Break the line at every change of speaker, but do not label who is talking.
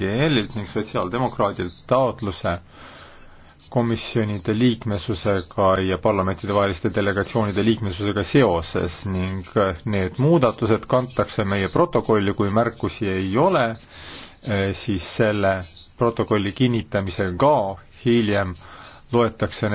GUE-lt ning sotsiaaldemokraadilt taotluse komisjonide liikmesusega ja parlamentidevaheliste delegatsioonide liikmesusega seoses ning need muudatused kantakse meie protokolli, kui märkusi ei ole, eh, siis selle protokolli kinnitamisega hiljem loetakse need